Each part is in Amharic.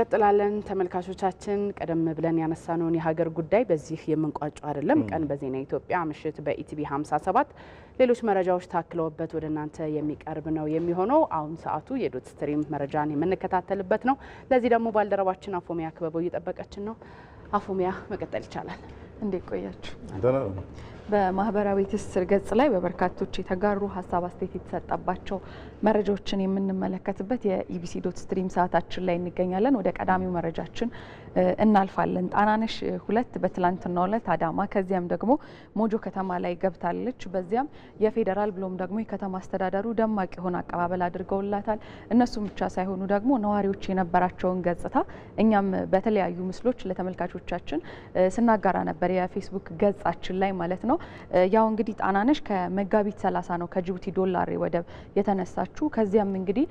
እንቀጥላለን ተመልካቾቻችን። ቀደም ብለን ያነሳነውን የሀገር ጉዳይ በዚህ የምንቋጫው አይደለም። ቀን በዜና ኢትዮጵያ፣ ምሽት በኢቲቪ 57 ሌሎች መረጃዎች ታክለውበት ወደ እናንተ የሚቀርብ ነው የሚሆነው። አሁን ሰዓቱ የዶት ስትሪም መረጃን የምንከታተልበት ነው። ለዚህ ደግሞ ባልደረባችን አፎሚያ ክበበው እየጠበቀችን ነው። አፎሚያ፣ መቀጠል ይቻላል። እንዴት ቆያችሁ? በማህበራዊ ትስስር ገጽ ላይ በበርካቶች የተጋሩ ሀሳብ አስተያየት የተሰጠባቸው መረጃዎችን የምንመለከትበት የኢቢሲ ዶት ስትሪም ሰዓታችን ላይ እንገኛለን። ወደ ቀዳሚው መረጃችን እናልፋለን። ጣናነሽ ሁለት በትላንትናው ዕለት አዳማ ከዚያም ደግሞ ሞጆ ከተማ ላይ ገብታለች። በዚያም የፌዴራል ብሎም ደግሞ የከተማ አስተዳደሩ ደማቅ የሆነ አቀባበል አድርገውላታል። እነሱም ብቻ ሳይሆኑ ደግሞ ነዋሪዎች የነበራቸውን ገጽታ እኛም በተለያዩ ምስሎች ለተመልካቾቻችን ስናጋራ ነበር፣ የፌስቡክ ገጻችን ላይ ማለት ነው። ያው እንግዲህ ጣናነሽ ከመጋቢት 30 ነው ከጅቡቲ ዶላሬ ወደብ የተነሳችው። ከዚያም እንግዲህ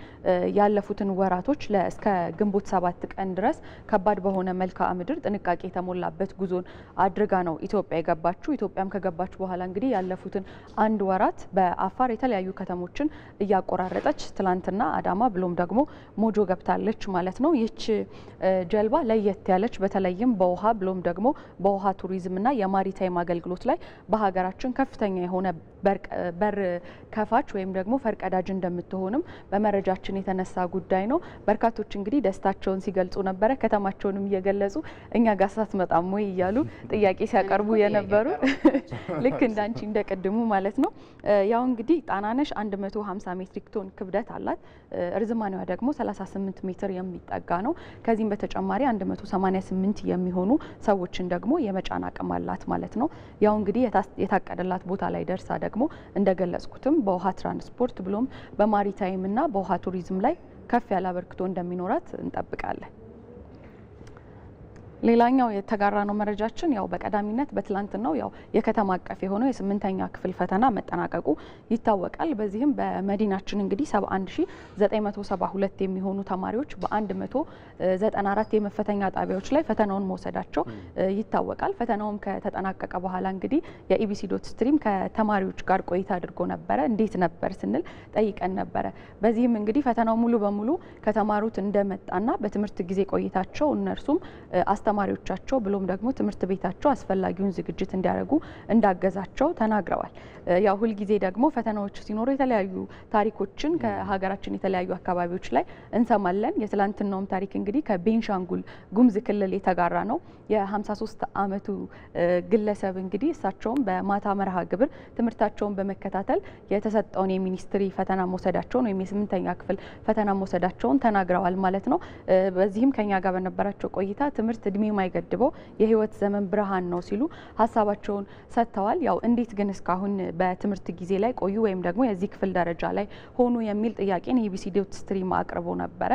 ያለፉትን ወራቶች እስከ ግንቦት ሰባት ቀን ድረስ ከባድ በሆነ መልክዓ ምድር ጥንቃቄ የተሞላበት ጉዞን አድርጋ ነው ኢትዮጵያ የገባችው። ኢትዮጵያም ከገባች በኋላ እንግዲህ ያለፉትን አንድ ወራት በአፋር የተለያዩ ከተሞችን እያቆራረጠች ትላንትና አዳማ ብሎም ደግሞ ሞጆ ገብታለች ማለት ነው። ይህች ጀልባ ለየት ያለች በተለይም በውሃ ብሎም ደግሞ በውሃ ቱሪዝምና የማሪታይም አገልግሎት ላይ በ። በሀገራችን ከፍተኛ የሆነ በር ከፋች ወይም ደግሞ ፈርቀዳጅ እንደምትሆንም በመረጃችን የተነሳ ጉዳይ ነው። በርካቶች እንግዲህ ደስታቸውን ሲገልጹ ነበረ። ከተማቸውንም እየገለጹ እኛ ጋር ሳትመጣም ወይ እያሉ ጥያቄ ሲያቀርቡ የነበሩ ልክ እንዳንቺ እንደ ቅድሙ ማለት ነው። ያው እንግዲህ ጣናነሽ 150 ሜትሪክ ቶን ክብደት አላት። እርዝማኔዋ ደግሞ 38 ሜትር የሚጠጋ ነው። ከዚህም በተጨማሪ 188 የሚሆኑ ሰዎችን ደግሞ የመጫን አቅም አላት ማለት ነው። ያው እንግዲህ የታቀደላት ቦታ ላይ ደርሳ ደግሞ እንደገለጽኩትም በውሃ ትራንስፖርት ብሎም በማሪታይም እና በውሃ ቱሪዝም ላይ ከፍ ያለ አበርክቶ እንደሚኖራት እንጠብቃለን። ሌላኛው የተጋራ ነው መረጃችን ያው በቀዳሚነት በትላንትናው ያው የከተማ አቀፍ የሆነው የስምንተኛ ክፍል ፈተና መጠናቀቁ ይታወቃል። በዚህም በመዲናችን እንግዲህ 71972 የሚሆኑ ተማሪዎች በ194 የመፈተኛ ጣቢያዎች ላይ ፈተናውን መውሰዳቸው ይታወቃል። ፈተናውም ከተጠናቀቀ በኋላ እንግዲህ የኢቢሲ ዶት ስትሪም ከተማሪዎች ጋር ቆይታ አድርጎ ነበረ። እንዴት ነበር ስንል ጠይቀን ነበረ። በዚህም እንግዲህ ፈተናው ሙሉ በሙሉ ከተማሩት እንደመጣና በትምህርት ጊዜ ቆይታቸው እነርሱም አስተማሪዎቻቸው ብሎም ደግሞ ትምህርት ቤታቸው አስፈላጊውን ዝግጅት እንዲያደርጉ እንዳገዛቸው ተናግረዋል። ያው ሁልጊዜ ደግሞ ፈተናዎች ሲኖሩ የተለያዩ ታሪኮችን ከሀገራችን የተለያዩ አካባቢዎች ላይ እንሰማለን። የትላንትናውም ታሪክ እንግዲህ ከቤንሻንጉል ጉምዝ ክልል የተጋራ ነው። የ53 ዓመቱ ግለሰብ እንግዲህ እሳቸውም በማታ መርሃ ግብር ትምህርታቸውን በመከታተል የተሰጠውን የሚኒስትሪ ፈተና መውሰዳቸውን ወይም የስምንተኛ ክፍል ፈተና መውሰዳቸውን ተናግረዋል ማለት ነው። በዚህም ከኛ ጋር በነበራቸው ቆይታ ትምህርት እድሜ የማይገድበው የህይወት ዘመን ብርሃን ነው ሲሉ ሀሳባቸውን ሰጥተዋል። ያው እንዴት ግን እስካሁን በትምህርት ጊዜ ላይ ቆዩ ወይም ደግሞ የዚህ ክፍል ደረጃ ላይ ሆኑ የሚል ጥያቄን ኢቢሲ ዶት ስትሪም አቅርቦ ነበረ።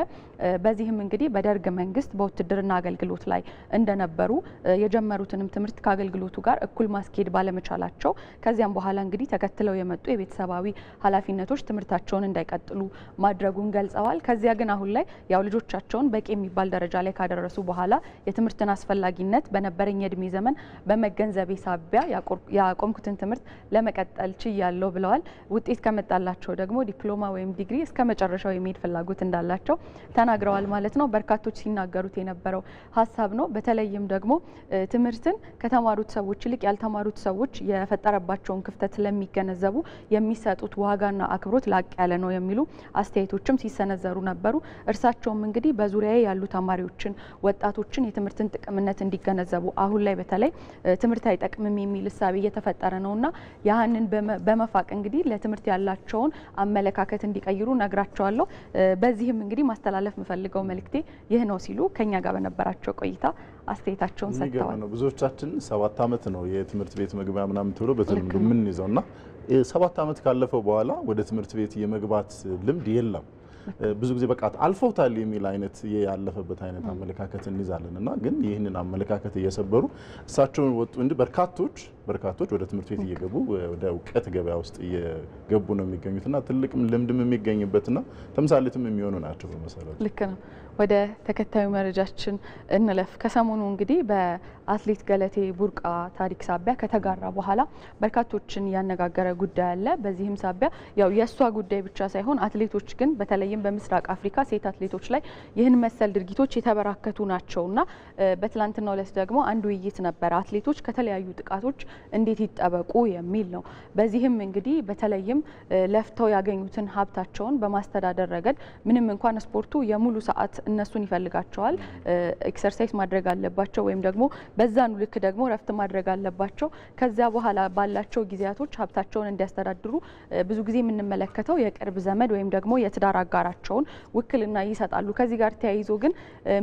በዚህም እንግዲህ በደርግ መንግስት በውትድርና አገልግሎት ላይ እንደነበሩ የጀመሩትንም ትምህርት ከአገልግሎቱ ጋር እኩል ማስኬድ ባለመቻላቸው ከዚያም በኋላ እንግዲህ ተከትለው የመጡ የቤተሰባዊ ኃላፊነቶች ትምህርታቸውን እንዳይቀጥሉ ማድረጉን ገልጸዋል። ከዚያ ግን አሁን ላይ ያው ልጆቻቸውን በቂ የሚባል ደረጃ ላይ ካደረሱ በኋላ የትምህርት የትምህርትን አስፈላጊነት በነበረኝ የእድሜ ዘመን በመገንዘቤ ሳቢያ ያቆምኩትን ትምህርት ለመቀጠል ችያለሁ ብለዋል። ውጤት ከመጣላቸው ደግሞ ዲፕሎማ ወይም ዲግሪ እስከ መጨረሻው የሚሄድ ፍላጎት እንዳላቸው ተናግረዋል ማለት ነው። በርካቶች ሲናገሩት የነበረው ሀሳብ ነው። በተለይም ደግሞ ትምህርትን ከተማሩት ሰዎች ይልቅ ያልተማሩት ሰዎች የፈጠረባቸውን ክፍተት ስለሚገነዘቡ የሚሰጡት ዋጋና አክብሮት ላቅ ያለ ነው የሚሉ አስተያየቶችም ሲሰነዘሩ ነበሩ። እርሳቸውም እንግዲህ በዙሪያ ያሉ ተማሪዎችን፣ ወጣቶችን የትምህርት የትምህርትን ጥቅምነት እንዲገነዘቡ አሁን ላይ በተለይ ትምህርት አይጠቅምም የሚል እሳቤ እየተፈጠረ ነውና ያህንን በመፋቅ እንግዲህ ለትምህርት ያላቸውን አመለካከት እንዲቀይሩ ነግራቸዋለሁ። በዚህም እንግዲህ ማስተላለፍ የምፈልገው መልእክቴ ይህ ነው ሲሉ ከኛ ጋር በነበራቸው ቆይታ አስተያየታቸውን ሰጥተዋል። ብዙዎቻችን ሰባት ዓመት ነው የትምህርት ቤት መግቢያ ምናምን ተብሎ በተለምዶ የምንይዘው እና ሰባት ዓመት ካለፈው በኋላ ወደ ትምህርት ቤት የመግባት ልምድ የለም። ብዙ ጊዜ በቃ አልፎታል የሚል አይነት ያለፈበት አይነት አመለካከት እንይዛለን እና ግን ይህንን አመለካከት እየሰበሩ እሳቸውን ወጡ እንዲ በርካቶች በርካቶች ወደ ትምህርት ቤት እየገቡ ወደ እውቀት ገበያ ውስጥ እየገቡ ነው የሚገኙትና ትልቅም ልምድም የሚገኝበትና ተምሳሌትም የሚሆኑ ናቸው በመሰረቱ ልክ ነው። ወደ ተከታዩ መረጃችን እንለፍ። ከሰሞኑ እንግዲህ በአትሌት ገለቴ ቡርቃ ታሪክ ሳቢያ ከተጋራ በኋላ በርካቶችን ያነጋገረ ጉዳይ አለ። በዚህም ሳቢያ ያው የእሷ ጉዳይ ብቻ ሳይሆን አትሌቶች ግን በተለይም በምስራቅ አፍሪካ ሴት አትሌቶች ላይ ይህን መሰል ድርጊቶች የተበራከቱ ናቸውና በትላንትናው ዕለት ደግሞ አንድ ውይይት ነበረ። አትሌቶች ከተለያዩ ጥቃቶች እንዴት ይጠበቁ የሚል ነው። በዚህም እንግዲህ በተለይም ለፍተው ያገኙትን ሀብታቸውን በማስተዳደር ረገድ ምንም እንኳን ስፖርቱ የሙሉ ሰዓት እነሱን ይፈልጋቸዋል። ኤክሰርሳይዝ ማድረግ አለባቸው ወይም ደግሞ በዛኑ ልክ ደግሞ ረፍት ማድረግ አለባቸው። ከዚያ በኋላ ባላቸው ጊዜያቶች ሀብታቸውን እንዲያስተዳድሩ ብዙ ጊዜ የምንመለከተው የቅርብ ዘመድ ወይም ደግሞ የትዳር አጋራቸውን ውክልና ይሰጣሉ። ከዚህ ጋር ተያይዞ ግን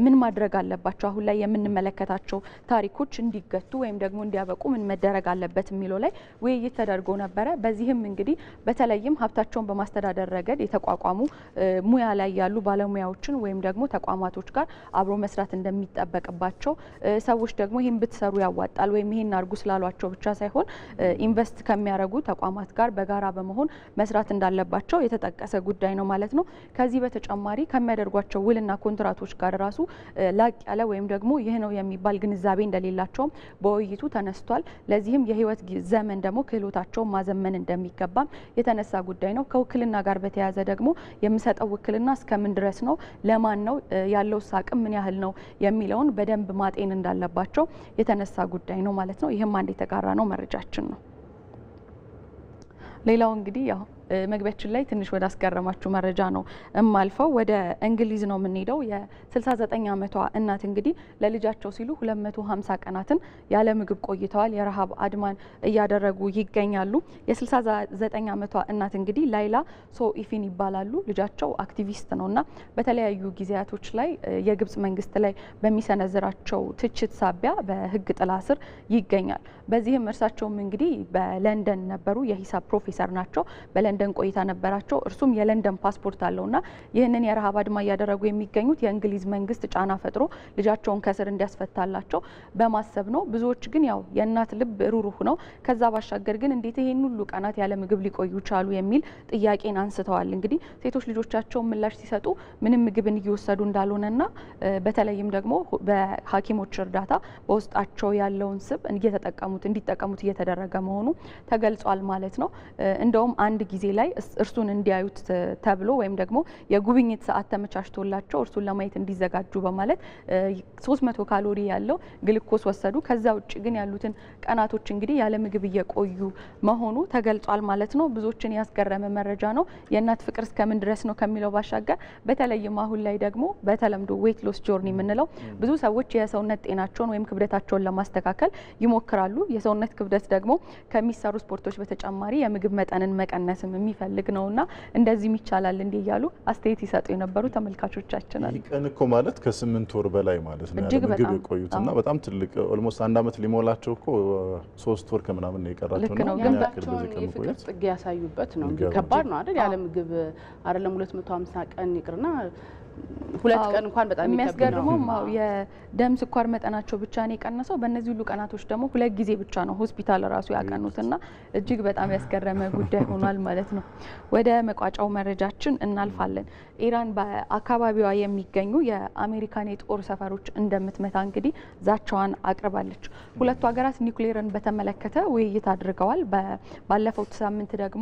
ምን ማድረግ አለባቸው? አሁን ላይ የምንመለከታቸው ታሪኮች እንዲገቱ ወይም ደግሞ እንዲያበቁ ምን መደረግ አለበት የሚለው ላይ ውይይት ተደርጎ ነበረ። በዚህም እንግዲህ በተለይም ሀብታቸውን በማስተዳደር ረገድ የተቋቋሙ ሙያ ላይ ያሉ ባለሙያዎችን ወይም ደግሞ ተቋማቶች ጋር አብሮ መስራት እንደሚጠበቅባቸው ሰዎች ደግሞ ይህን ብትሰሩ ያዋጣል ወይም ይህን አድርጉ ስላሏቸው ብቻ ሳይሆን ኢንቨስት ከሚያደርጉ ተቋማት ጋር በጋራ በመሆን መስራት እንዳለባቸው የተጠቀሰ ጉዳይ ነው ማለት ነው። ከዚህ በተጨማሪ ከሚያደርጓቸው ውልና ኮንትራቶች ጋር ራሱ ላቅ ያለ ወይም ደግሞ ይህ ነው የሚባል ግንዛቤ እንደሌላቸውም በውይይቱ ተነስቷል። ለዚህም የህይወት ዘመን ደግሞ ክህሎታቸውን ማዘመን እንደሚገባም የተነሳ ጉዳይ ነው። ከውክልና ጋር በተያያዘ ደግሞ የምሰጠው ውክልና እስከምን ድረስ ነው፣ ለማን ነው ያለው አቅም ምን ያህል ነው የሚለውን በደንብ ማጤን እንዳለባቸው የተነሳ ጉዳይ ነው ማለት ነው። ይህም አንድ የተጋራ ነው መረጃችን ነው። ሌላው እንግዲህ ያው መግቢያችን ላይ ትንሽ ወደ አስገረማችሁ መረጃ ነው እማልፈው። ወደ እንግሊዝ ነው የምንሄደው። የ69 ዓመቷ እናት እንግዲህ ለልጃቸው ሲሉ 250 ቀናትን ያለ ምግብ ቆይተዋል። የረሃብ አድማን እያደረጉ ይገኛሉ። የ69 ዓመቷ እናት እንግዲህ ላይላ ሶ ኢፊን ይባላሉ። ልጃቸው አክቲቪስት ነውና በተለያዩ ጊዜያቶች ላይ የግብጽ መንግስት ላይ በሚሰነዝራቸው ትችት ሳቢያ በህግ ጥላ ስር ይገኛል። በዚህም እርሳቸውም እንግዲህ በለንደን ነበሩ። የሂሳብ ፕሮፌሰር ናቸው በለንደን ለንደን ቆይታ ነበራቸው። እርሱም የለንደን ፓስፖርት አለውና ይህንን የረሃብ አድማ እያደረጉ የሚገኙት የእንግሊዝ መንግስት ጫና ፈጥሮ ልጃቸውን ከስር እንዲያስፈታላቸው በማሰብ ነው። ብዙዎች ግን ያው የእናት ልብ ሩሩህ ነው። ከዛ ባሻገር ግን እንዴት ይህን ሁሉ ቀናት ያለ ምግብ ሊቆዩ ቻሉ የሚል ጥያቄን አንስተዋል። እንግዲህ ሴቶች ልጆቻቸውን ምላሽ ሲሰጡ ምንም ምግብን እየወሰዱ እንዳልሆነና በተለይም ደግሞ በሐኪሞች እርዳታ በውስጣቸው ያለውን ስብ እየተጠቀሙት እንዲጠቀሙት እየተደረገ መሆኑ ተገልጿል ማለት ነው። እንደውም አንድ ጊዜ ላይ እርሱን እንዲያዩት ተብሎ ወይም ደግሞ የጉብኝት ሰዓት ተመቻችቶላቸው እርሱን ለማየት እንዲዘጋጁ በማለት 300 ካሎሪ ያለው ግልኮስ ወሰዱ። ከዛ ውጭ ግን ያሉትን ቀናቶች እንግዲህ ያለ ምግብ እየቆዩ መሆኑ ተገልጿል ማለት ነው። ብዙዎችን ያስገረመ መረጃ ነው። የእናት ፍቅር እስከምን ድረስ ነው ከሚለው ባሻገር በተለይም አሁን ላይ ደግሞ በተለምዶ ዌት ሎስ ጆርኒ የምንለው ብዙ ሰዎች የሰውነት ጤናቸውን ወይም ክብደታቸውን ለማስተካከል ይሞክራሉ። የሰውነት ክብደት ደግሞ ከሚሰሩ ስፖርቶች በተጨማሪ የምግብ መጠንን መቀነስም የሚፈልግ ነው እና እንደዚህም ይቻላል እንዲ እያሉ አስተያየት ይሰጡ የነበሩ ተመልካቾቻችን አሉ። ቀን እኮ ማለት ከስምንት ወር በላይ ማለት ነው ያለ ምግብ የቆዩት እና በጣም ትልቅ ኦልሞስት አንድ አመት ሊሞላቸው እኮ ሶስት ወር ከምናምን ነው የቀራቸው ነው ያላቸውን የፍቅር ጥግ ያሳዩበት ነው። ከባድ ነው አይደል? ያለ ምግብ አይደለም ሁለት መቶ ሀምሳ ቀን ይቅርና ሁለት ቀን እንኳን በጣም የሚያስገርመው የደም ስኳር መጠናቸው ብቻ ነው የቀነሰው። በእነዚህ ሁሉ ቀናቶች ደግሞ ሁለት ጊዜ ብቻ ነው ሆስፒታል ራሱ ያቀኑትና እጅግ በጣም ያስገረመ ጉዳይ ሆኗል ማለት ነው። ወደ መቋጫው መረጃችን እናልፋለን። ኢራን በአካባቢዋ የሚገኙ የአሜሪካን የጦር ሰፈሮች እንደምትመታ እንግዲህ ዛቻዋን አቅርባለች። ሁለቱ ሀገራት ኒውክሌርን በተመለከተ ውይይት አድርገዋል። ባለፈው ሳምንት ደግሞ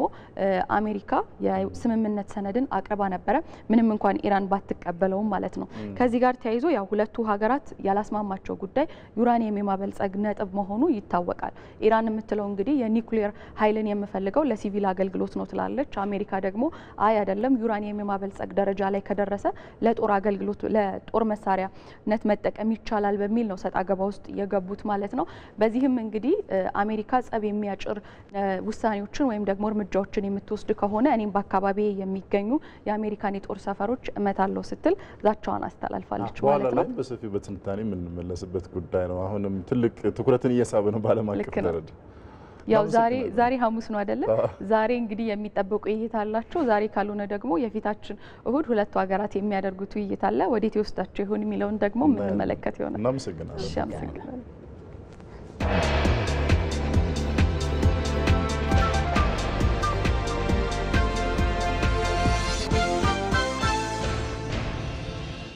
አሜሪካ የስምምነት ሰነድን አቅርባ ነበረ ምንም እንኳን ኢራን ባት ተቀበለው ማለት ነው። ከዚህ ጋር ተያይዞ ያው ሁለቱ ሀገራት ያላስማማቸው ጉዳይ ዩራኒየም የማበልጸግ ነጥብ መሆኑ ይታወቃል። ኢራን የምትለው እንግዲህ የኒውክሌር ኃይልን የምፈልገው ለሲቪል አገልግሎት ነው ትላለች። አሜሪካ ደግሞ አይ አይደለም፣ ዩራኒየም የማበልጸግ ደረጃ ላይ ከደረሰ ለጦር አገልግሎት ለጦር መሳሪያነት መጠቀም ይቻላል በሚል ነው ሰጣ ውስጥ የገቡት ማለት ነው። በዚህም እንግዲህ አሜሪካ ጸብ የሚያጭር ውሳኔዎችን ወይም ደግሞ እርምጃዎችን የምትወስድ ከሆነ እኔም በአካባቢ የሚገኙ የአሜሪካን የጦር ሰፈሮች እመታለሁ ስትል ዛቻዋን አስተላልፋለች ማለት ነው። በሰፊው በትንታኔ የምንመለስበት ጉዳይ ነው። አሁንም ትልቅ ትኩረትን እየሳበ ነው በዓለም አቀፍ ደረጃ። ያው ዛሬ ዛሬ ሐሙስ ነው አይደለ? ዛሬ እንግዲህ የሚጠበቁ ውይይት አላቸው። ዛሬ ካልሆነ ደግሞ የፊታችን እሁድ ሁለቱ ሀገራት የሚያደርጉት ውይይት አለ። ወዴት ይወስዳቸው ይሆን የሚለውን ደግሞ የምንመለከት ይሆናል። እናመሰግናለን።